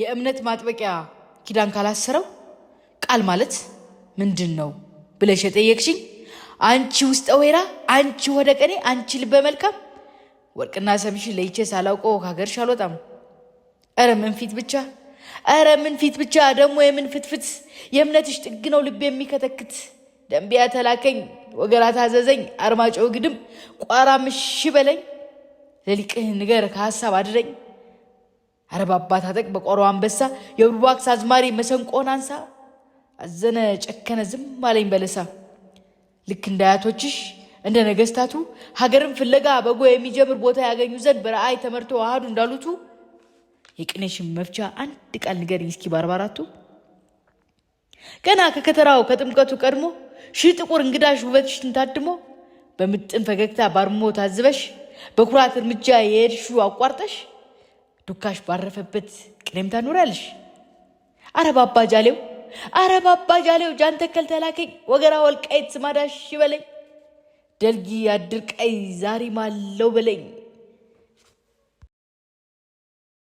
የእምነት ማጥበቂያ ኪዳን ካላሰረው ቃል ማለት ምንድን ነው ብለሽ የጠየቅሽኝ አንቺ ውስጠ ወይራ፣ አንቺ ወደ ቀኔ፣ አንቺ ልበ መልካም ወርቅና ሰምሽ ለይቼ ሳላውቀው ከሀገርሽ አልወጣም። እረ ምን ፊት ብቻ እረ ምን ፊት ብቻ ደግሞ የምን ፍትፍት የእምነትሽ ጥግ ነው ልብ የሚከተክት ደንቢያ ተላከኝ ወገራ ታዘዘኝ አርማጮ ግድም ቋራ ምሽ በለኝ ለሊቅህ ንገር ከሀሳብ አድረኝ አረ ባባ ታጠቅ በቆሮ አንበሳ የብርባክስ አዝማሪ መሰንቆን አንሳ አዘነ ጨከነ ዝም አለኝ በለሳ ልክ እንደ አያቶችሽ እንደ ነገስታቱ ሀገርን ፍለጋ በጎ የሚጀምር ቦታ ያገኙ ዘንድ በረአይ ተመርቶ አሃዱ እንዳሉቱ የቅኔሽን መፍቻ አንድ ቃል ንገሪኝ እስኪ ባርባራቱ ገና ከከተራው ከጥምቀቱ ቀድሞ ሺህ ጥቁር እንግዳሽ ውበትሽን ታድሞ በምጥን ፈገግታ ባርሞ ታዝበሽ በኩራት እርምጃ የሄድሹ አቋርጠሽ ዱካሽ ባረፈበት ቅደም ታኖራለሽ። አረባባ ጃሌው አረባባ ጃሌው ጃንተከል ተላከኝ ወገራ ወልቃይት ስማዳሽ በለኝ ደልጊ አድርቀይ ዛሬ ማለው በለኝ